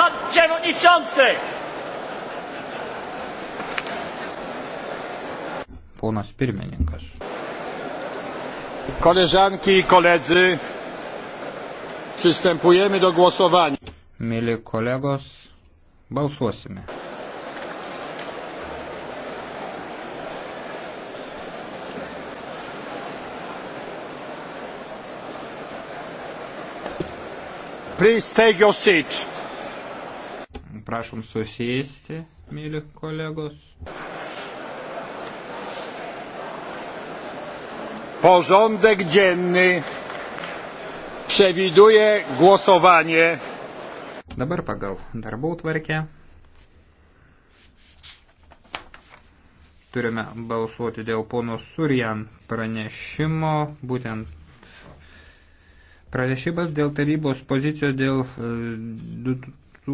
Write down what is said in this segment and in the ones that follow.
Pan Przewodniczący! Ponas pirmininkas. Koleżanki i koledzy, przystępujemy do głosowania. Mili kolegos, balsuosime. Please take your seat. Prašom susėsti, mėly kolegos. Porządek dzienny przewiduje głosowanie. Dabar pagal darbų tvarkę turime balsuoti dėl pono Surjan pranešimo, būtent pranešimas dėl tarybos pozicijos dėl e,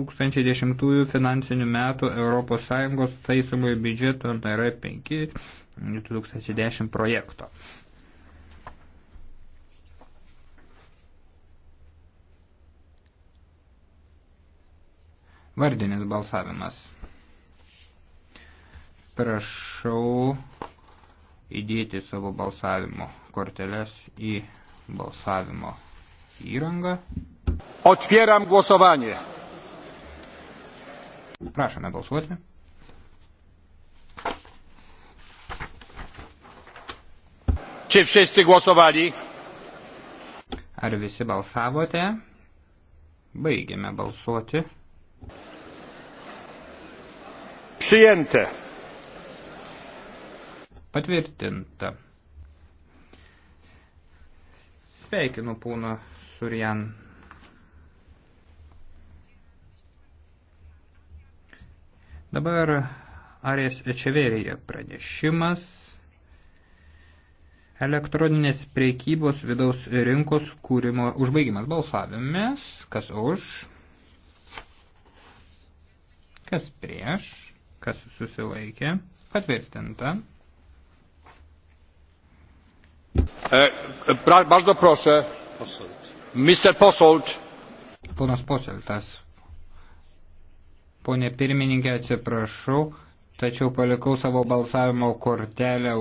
2010 finansinių metų ES taisomojo biudžeto NR5 2010 projekto. Vardinis balsavimas. Prašau įdėti savo balsavimo korteles į balsavimo įrangą. Otwieram głosowanie. Prašome balsuoti. Czy wszyscy głosowali? Ar visi balsavote? Baigėme balsuoti. Przyjęte. Patvirtinta. Sveikinu pūną Surjan Dabar Arės Ečeverija pranešimas. Elektroninės priekybos vidaus rinkos kūrimo užbaigimas balsavimis. Kas už? Kas prieš? Kas susilaikė? Patvirtinta. E, e pra, bardzo proszę. Posolt. Mr. Posolt. Ponas Poseltas. Pone pirmininkė, atsiprašau, tačiau palikau savo balsavimo kortelę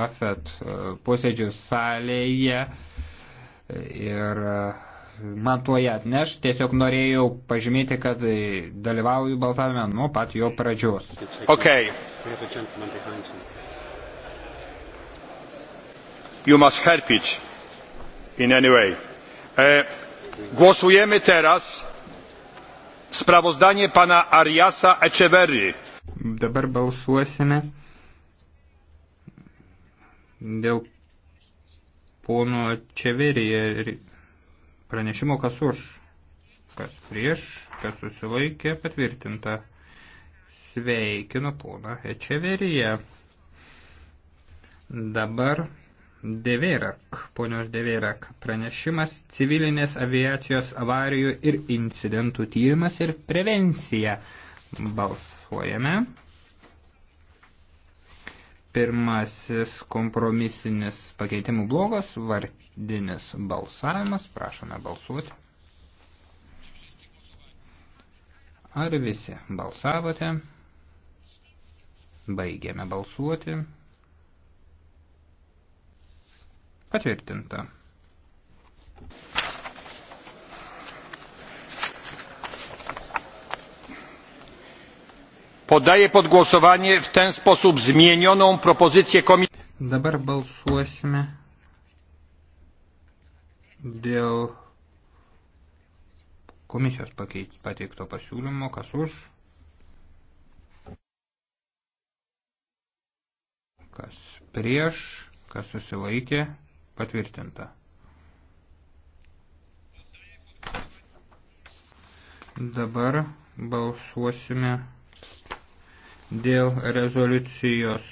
AFET e, posėdžių salėje ir e, man tuo ją atneš. Tiesiog norėjau pažymėti, kad e, dalyvauju balsavime nuo pat jo pradžios. Okay. You must help it in any way. E, głosujemy teraz Spravozdanie pana Ariasa Echeverry. Dabar balsuosime dėl pono Čeverija pranešimo, kas už, kas prieš, kas susilaikė, patvirtinta. Sveikinu poną Čeveriją. Dabar Deveirak, ponios Deveirak, pranešimas civilinės aviacijos avarijų ir incidentų tyrimas ir prevencija. Balsuojame. Pirmasis kompromisinis pakeitimų blogos, vardinis balsavimas. Prašome balsuoti. Ar visi balsavote? Baigėme balsuoti. Patvirtinta. Podaję pod głosowanie w ten sposób zmienioną propozycję komisji. Dabar balsuosime dėl komisijos pateikto pasiūlymo, kas už, kas prieš, kas susilaikė. Patvirtinta. Dabar balsuosime dėl rezoliucijos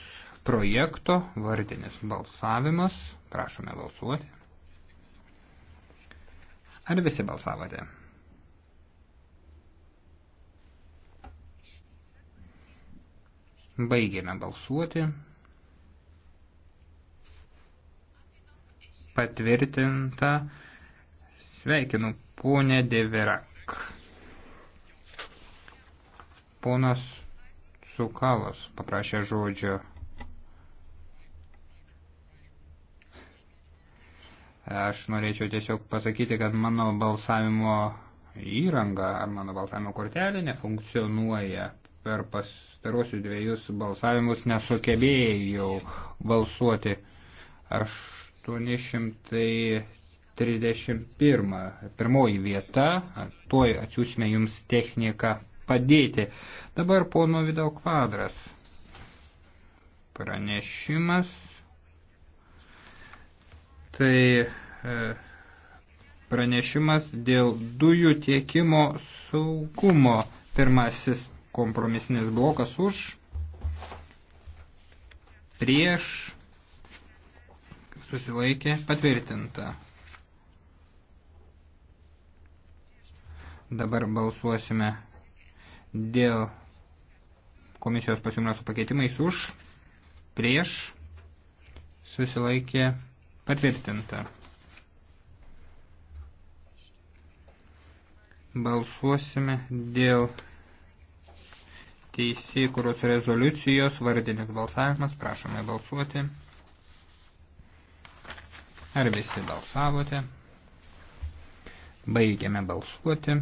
projekto vardinis balsavimas. Prašome balsuoti. Ar visi balsavote? Baigėme balsuoti. patvirtinta. Sveikinu, ponė Deverak. Ponas Sukalas paprašė žodžio. Aš norėčiau tiesiog pasakyti, kad mano balsavimo įranga ar mano balsavimo kortelė nefunkcionuoja. Per pastarosius dviejus balsavimus nesugebėjau balsuoti. Aš 831. Pirmoji vieta, tuoj atsiūsime jums techniką padėti. Dabar pono Vidal kvadras. Pranešimas. Tai e, pranešimas dėl dujų tiekimo saugumo. Pirmasis kompromisinis blokas už, prieš, susilaikė patvirtinta. Dabar balsuosime dėl komisijos pasiūlymo su pakeitimais už, prieš, susilaikė patvirtinta. Balsuosime dėl teisėkuros rezoliucijos vardinis balsavimas. Prašome balsuoti. Ar visi balsavote? Baigiame balsuoti.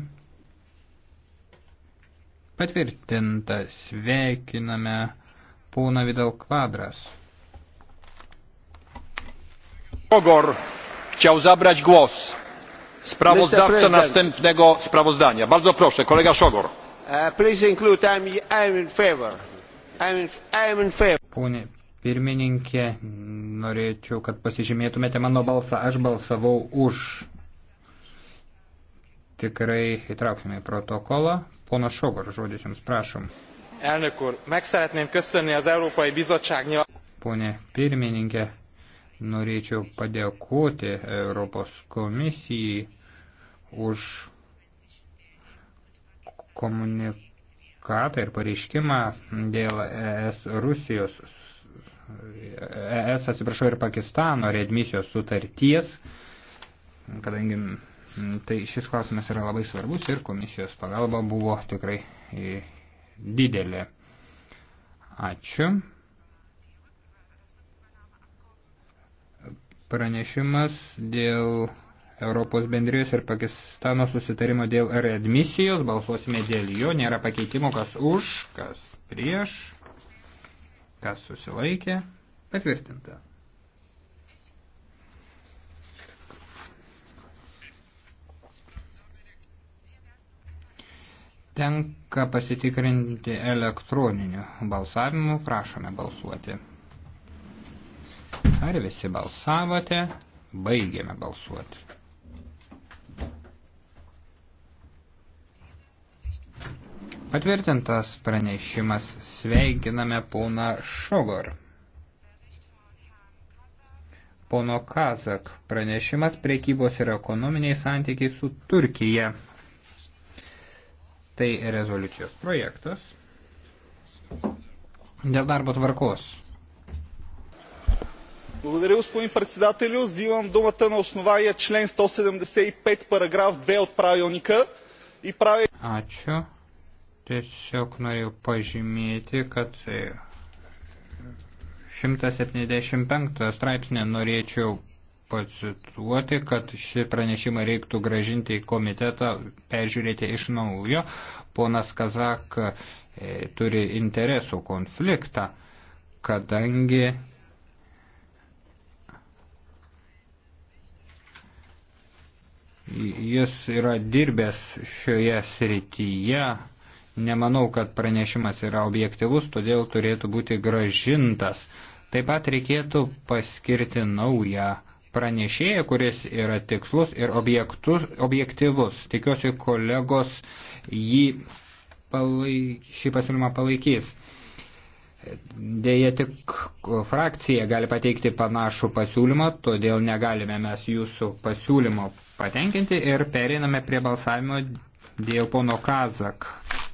Patvirtinta sveikiname pūna Vidal Kvadras. Ogor chciał zabrać głos. Sprawozdawca następnego sprawozdania. Bardzo proszę, kolega Szogor. Uh, please include I'm, I'm in favor. I'm in, I'm in favor. Pone pirmininkė, norėčiau, kad pasižymėtumėte mano balsą. Aš balsavau už. Tikrai įtrauksime į protokolą. Ponas Šogor, žodis jums prašom. Elnök úr, meg szeretném köszönni az Európai Bizottság nyilván... Pone pirmininkė, norėčiau padėkoti Europos komisijai už komunikatą ir pareiškimą dėl ES Rusijos ES, atsiprašau, ir Pakistano readmisijos sutarties, kadangi tai šis klausimas yra labai svarbus ir komisijos pagalba buvo tikrai didelė. Ačiū. Pranešimas dėl Europos bendrijos ir Pakistano susitarimo dėl readmisijos. Balsuosime dėl jo. Nėra pakeitimo, kas už, kas prieš kas susilaikė, patvirtinta. Tenka pasitikrinti elektroniniu balsavimu, prašome balsuoti. Ar visi balsavote? Baigėme balsuoti. Patvirtintas pranešimas sveikiname pona Šogor. Pono Kazak pranešimas priekybos ir ekonominiai santykiai su Turkija. Tai rezoliucijos projektas. Dėl darbo tvarkos. Благодаря, господин председателю. Взимам думата на основание член 175, параграф 2 от правилника и правя... Ачо. Tiesiog norėjau pažymėti, kad 175 e, straipsnė norėčiau pacituoti, kad šį pranešimą reiktų gražinti į komitetą, peržiūrėti iš naujo. Ponas Kazak e, turi interesų konfliktą, kadangi jis yra dirbęs šioje srityje Nemanau, kad pranešimas yra objektivus, todėl turėtų būti gražintas. Taip pat reikėtų paskirti naują pranešėją, kuris yra tikslus ir objektus, objektivus. Tikiuosi, kolegos jį palaik, šį pasiūlymą palaikys. Deja, tik frakcija gali pateikti panašų pasiūlymą, todėl negalime mes jūsų pasiūlymo patenkinti ir pereiname prie balsavimo dėl pono Kazak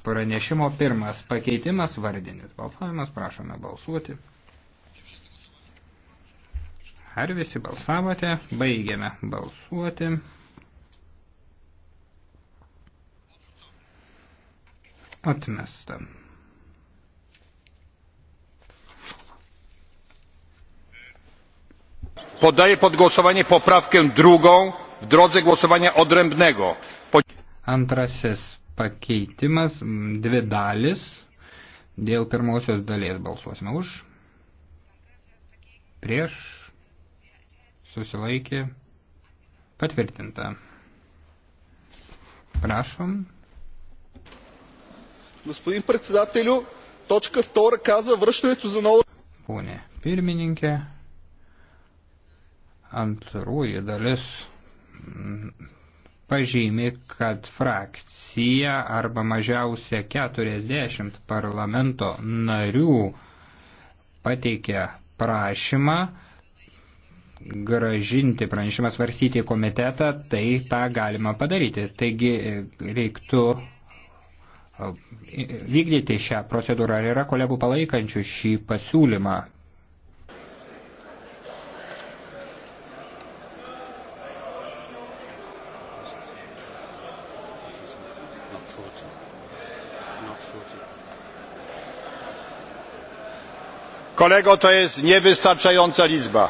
pranešimo pirmas pakeitimas vardinis balsavimas. Prašome balsuoti. Ar visi balsavote? Baigiame balsuoti. Atmesta. Podaję pod głosowanie poprawkę drugą w drodze głosowania odrębnego. Po... Antrasis pakeitimas, dvi dalis. Dėl pirmosios dalies balsuosime už, prieš, susilaikė, patvirtinta. Prašom. Господин председателю, точка 2 казва връщането за ново... Поне пирмininkė, antroji dalis pažymi, kad frakcija arba mažiausia 40 parlamento narių pateikė prašymą gražinti pranešimą svarstyti į komitetą, tai tą galima padaryti. Taigi e, reiktų e, vykdyti šią procedūrą. Ar yra kolegų palaikančių šį pasiūlymą? Kolego, to jest niewystarczająca liczba.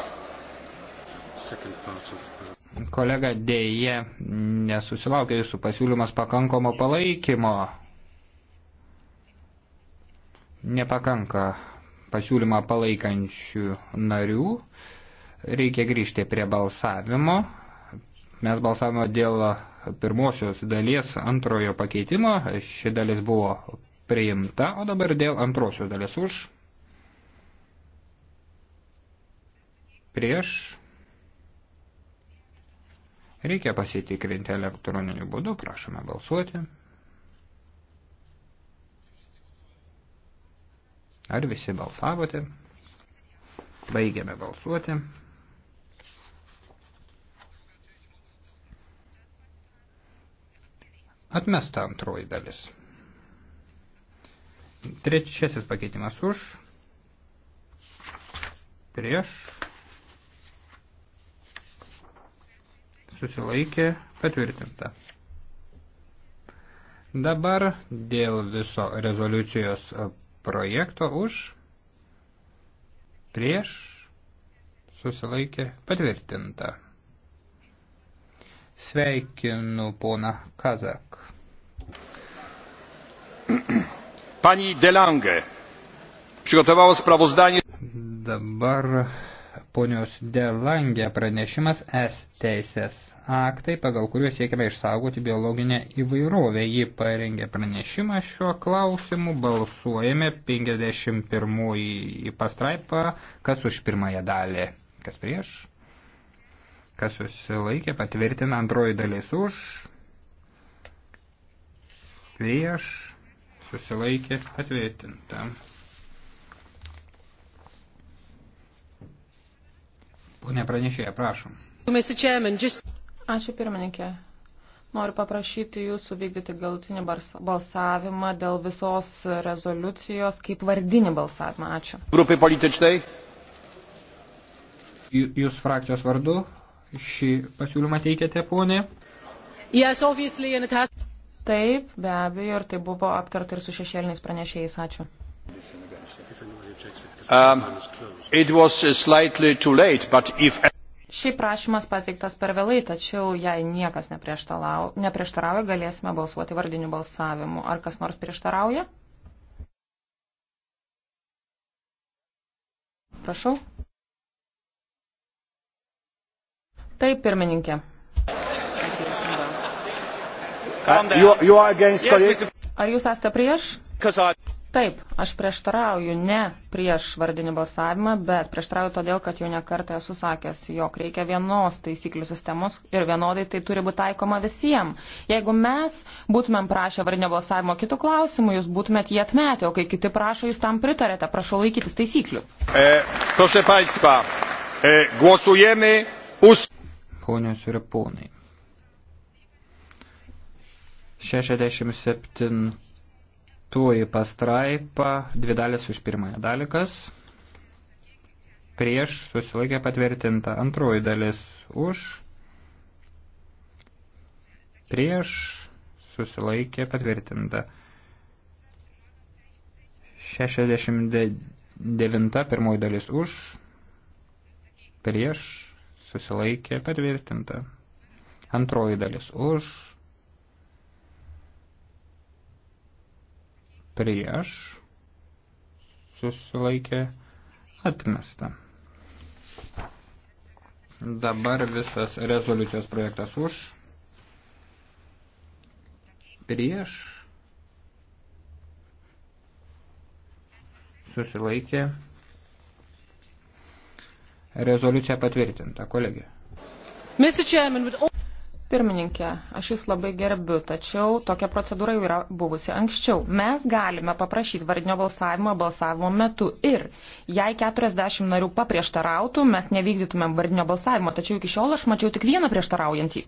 Kolega dėje nesusilaukė jūsų pasiūlymas pakankamo palaikymo. Nepakanka pasiūlymą palaikančių narių. Reikia grįžti prie balsavimo. Mes balsavome dėl pirmosios dalies antrojo pakeitimo. Ši dalis buvo priimta, o dabar dėl antrosios dalies už prieš. Reikia pasitikrinti elektroniniu būdu, prašome balsuoti. Ar visi balsavote? Baigiame balsuoti. Atmesta antroji dalis. Trečiasis pakeitimas už, prieš, susilaikė patvirtinta. Dabar dėl viso rezoliucijos projekto už, prieš, susilaikė patvirtinta. Sveikinu pona Kazak. Pani Delange przygotowała sprawozdanie. Dabar ponios Delangė pranešimas S teisės aktai, pagal kuriuos siekime išsaugoti biologinę įvairovę. Ji parengė pranešimą šiuo klausimu, balsuojame 51 pastraipą, kas už pirmąją dalį, kas prieš, kas susilaikė, patvirtina antroji dalis už, prieš, susilaikė, patvirtinta. Pone pranešėja, prašom. Ačiū pirmininkė. Noriu paprašyti jūsų vykdyti galutinį balsavimą dėl visos rezoliucijos kaip vardinį balsavimą. Ačiū. Grupai političnai. Jūs frakcijos vardu šį pasiūlymą teikėte, ponė? Yes, has... Taip, be abejo, ir tai buvo aptarta ir su šešėliniais pranešėjais. Ačiū. Um, uh, late, if... Šiaip prašymas pateiktas per vėlai, tačiau jei niekas neprieštarauja, galėsime balsuoti vardiniu balsavimu. Ar kas nors prieštarauja? Prašau. Taip, pirmininkė. Uh, Ar jūs esate prieš? Taip, aš prieštarauju ne prieš vardinį balsavimą, bet prieštarauju todėl, kad jau nekartą esu sakęs, jog reikia vienos taisyklių sistemos ir vienodai tai turi būti taikoma visiems. Jeigu mes būtumėm prašę vardinio balsavimo kitų klausimų, jūs būtumėt jį atmetę, o kai kiti prašo, jūs tam pritarėte. Prašau laikytis taisyklių. E, proszę Państwa, e, głosujemy us. Ponios ir ponai. 67 Penktoji pastraipa, dvi dalis už pirmąją dalį, kas prieš susilaikė patvirtinta. Antroji dalis už, prieš susilaikė patvirtinta. 69 pirmoji dalis už, prieš susilaikė patvirtinta. Antroji dalis už, prieš susilaikė atmesta. Dabar visas rezoliucijos projektas už, prieš, susilaikė, rezoliucija patvirtinta, kolegė. Mr. Chairman, with all Pirmininkė, aš jūs labai gerbiu, tačiau tokia procedūra jau yra buvusi anksčiau. Mes galime paprašyti vardinio balsavimo balsavimo metu ir jei 40 narių paprieštarautų, mes nevykdytumėm vardinio balsavimo, tačiau iki šiol aš mačiau tik vieną prieštaraujantį.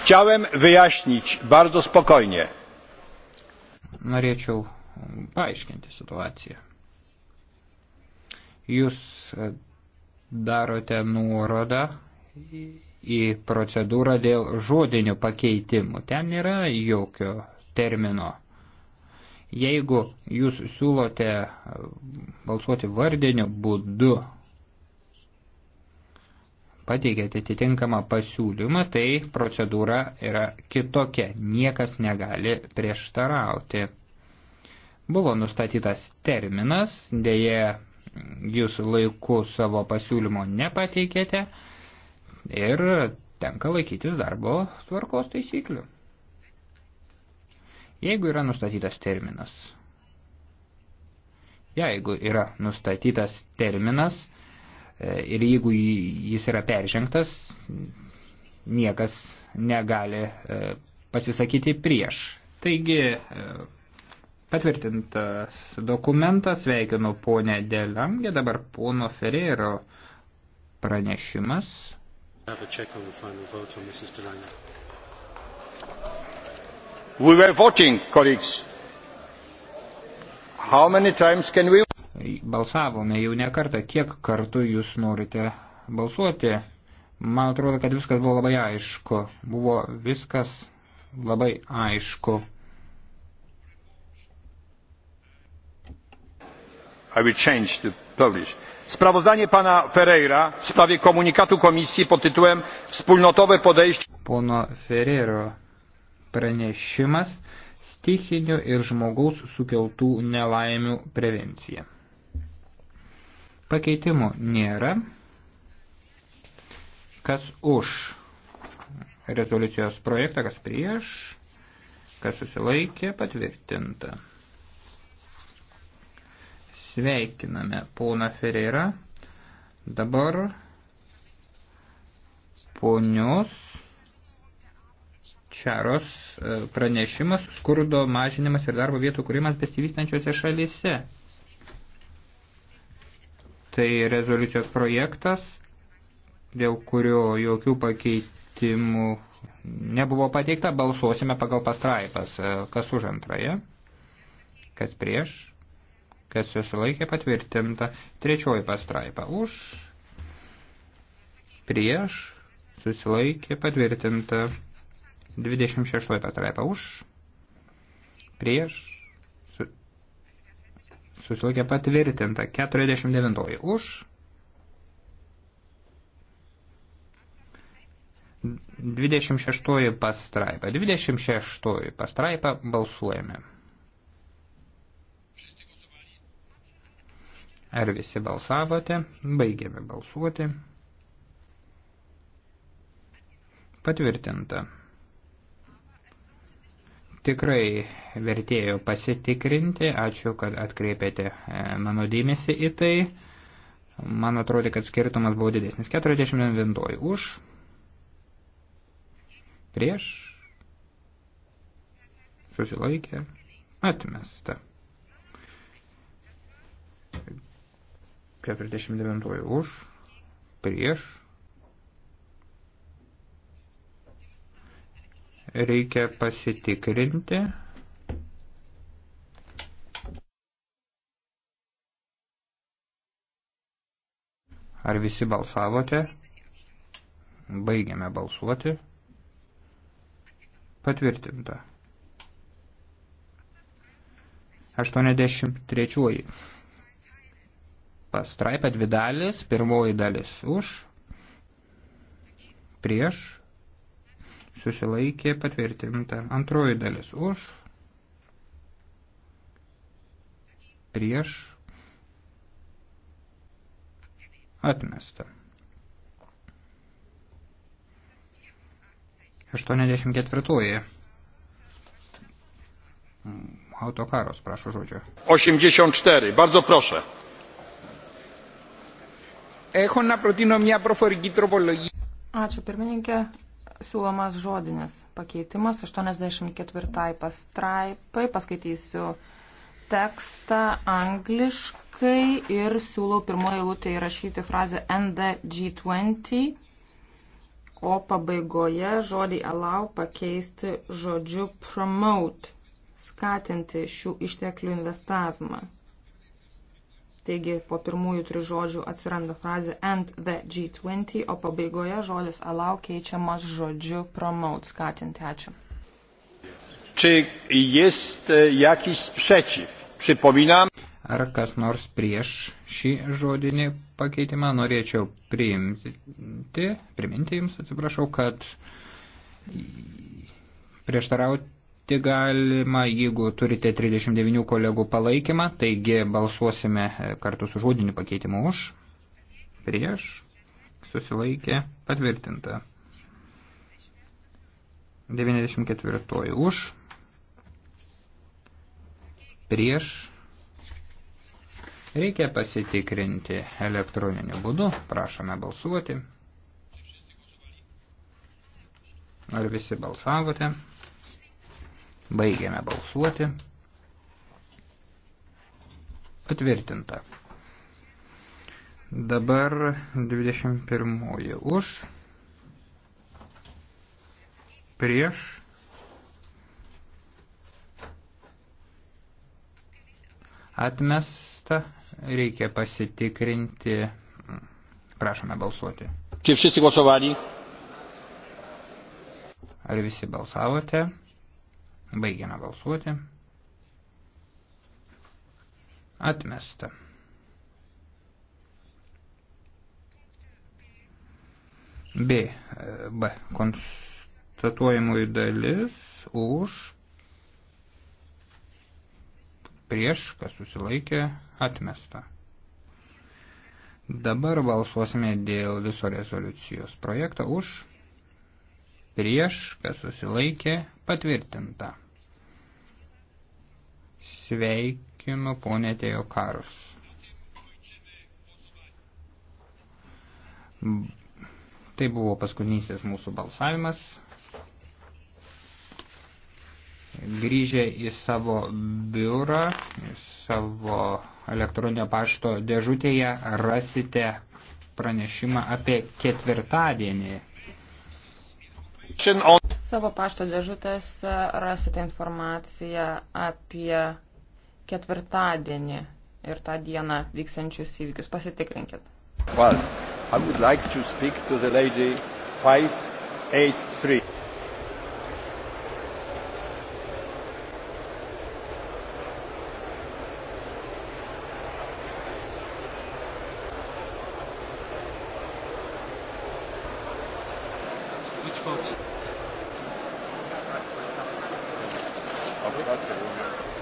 Chciałem wyjaśnić bardzo spokojnie. Norėčiau paaiškinti situaciją. Jūs darote nuorodą į procedūrą dėl žodinių pakeitimų. Ten nėra jokio termino. Jeigu jūs siūlote balsuoti vardiniu būdu, pateikėte atitinkamą pasiūlymą, tai procedūra yra kitokia. Niekas negali prieštarauti. Buvo nustatytas terminas, dėje jūs laiku savo pasiūlymo nepateikėte ir tenka laikytis darbo tvarkos taisyklių. Jeigu yra nustatytas terminas. Jeigu yra nustatytas terminas e, ir jeigu jis yra peržengtas, niekas negali e, pasisakyti prieš. Taigi e, patvirtintas dokumentas, sveikinu ponę Delangę, dabar pono Ferrero pranešimas. We were voting, colleagues. How many times can we... Balsavome jau ne kartą, kiek kartų jūs norite balsuoti. Man atrodo, kad viskas buvo labai aišku. Buvo viskas labai aišku. Sprawozdanie pana Ferreira w sprawie komunikatu komisji pod tytułem Wspólnotowe podejście. Pono Ferreiro pranešimas stichinių ir žmogaus sukeltų nelaimių prevencija. Pakeitimų nėra. Kas už rezoliucijos projektą, kas prieš, kas susilaikė, patvirtinta. Sveikiname poną Ferreira. Dabar ponios Čaros e, pranešimas skurdo mažinimas ir darbo vietų kūrimas besivystančiose šalyse. Tai rezoliucijos projektas, dėl kurio jokių pakeitimų nebuvo pateikta, balsuosime pagal pastraipas, e, kas už antrąją, kas prieš, kas susilaikė patvirtinta. Trečioji pastraipa už, prieš, susilaikė patvirtinta. 26 pastraipa už, prieš, su, susilaikė patvirtinta. 49 už. Dvidešimt šeštoji pastraipa. Dvidešimt šeštoji pastraipa balsuojame. Ar visi balsavote? Baigėme balsuoti. Patvirtinta. Tikrai vertėjo pasitikrinti, ačiū, kad atkreipėte e, mano dėmesį į tai. Man atrodo, kad skirtumas buvo didesnis. 49 už, prieš, susilaikė, atmesta. 49 už, prieš. Reikia pasitikrinti. Ar visi balsavote? Baigiame balsuoti. Patvirtinta. 83 pastraipa dvi dalis, pirmoji dalis už, prieš, susilaikė patvirtinta, antroji dalis už, prieš, atmesta. 84. Autokaros, prašau žodžio. 84. Bardzo proszę. Έχω να προτείνω μια προφορική τροπολογία. Ačiū pirmininkė. Siūlomas žodinis pakeitimas 84 pastraipai. Paskaitysiu tekstą angliškai ir siūlau pirmoje eilutėje įrašyti frazę NDG20, o pabaigoje žodį allow pakeisti žodžiu promote, skatinti šių išteklių investavimą. Taigi po pirmųjų trižodžių atsiranda frazė and the G20, o pabaigoje žodis allow keičiamas žodžiu promote, skatinti. Ačiū. Czy jest jakiś sprzeciw? Przypominam. Ar kas nors prieš šį žodinį pakeitimą norėčiau priimti, priminti jums, atsiprašau, kad prieštarauti tik galima, jeigu turite 39 kolegų palaikymą, taigi balsuosime e, kartu su žodiniu pakeitimu už, prieš, susilaikė, patvirtinta. 94 už, prieš, reikia pasitikrinti elektroniniu būdu, prašome balsuoti. Ar visi balsavote? Baigiame balsuoti. Patvirtinta. Dabar 21 už, prieš, atmesta, reikia pasitikrinti, prašome balsuoti. Čia visi balsavali? Ar visi balsavote? Baigiame balsuoti. Atmesta. B. B. Konstatuojamųjų dalis už prieš, kas susilaikė, atmesta. Dabar balsuosime dėl viso rezoliucijos projekto už prieš, kas susilaikė, patvirtinta. Sveikinu ponė Tėjo Karus. Tai buvo paskutinysis mūsų balsavimas. Grįžę į savo biurą, į savo elektroninio pašto dėžutėje rasite pranešimą apie ketvirtadienį Savo pašto dėžutėse rasite informaciją apie ketvirtadienį ir tą dieną vyksiančius įvykius. Pasitikrinkit. Well, I would like to speak to the lady 583. Abschlag der Union.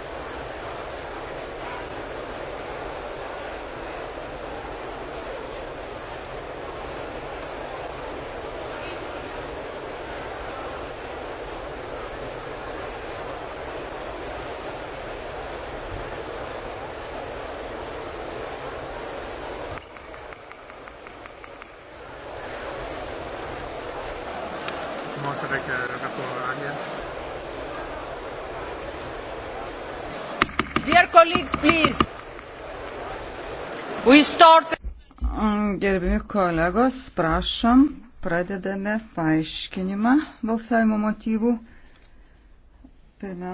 Distorted... Mm, Gerbimi kolegos, prašom, pradedame paaiškinimą balsavimo motyvų. Pirmiausia.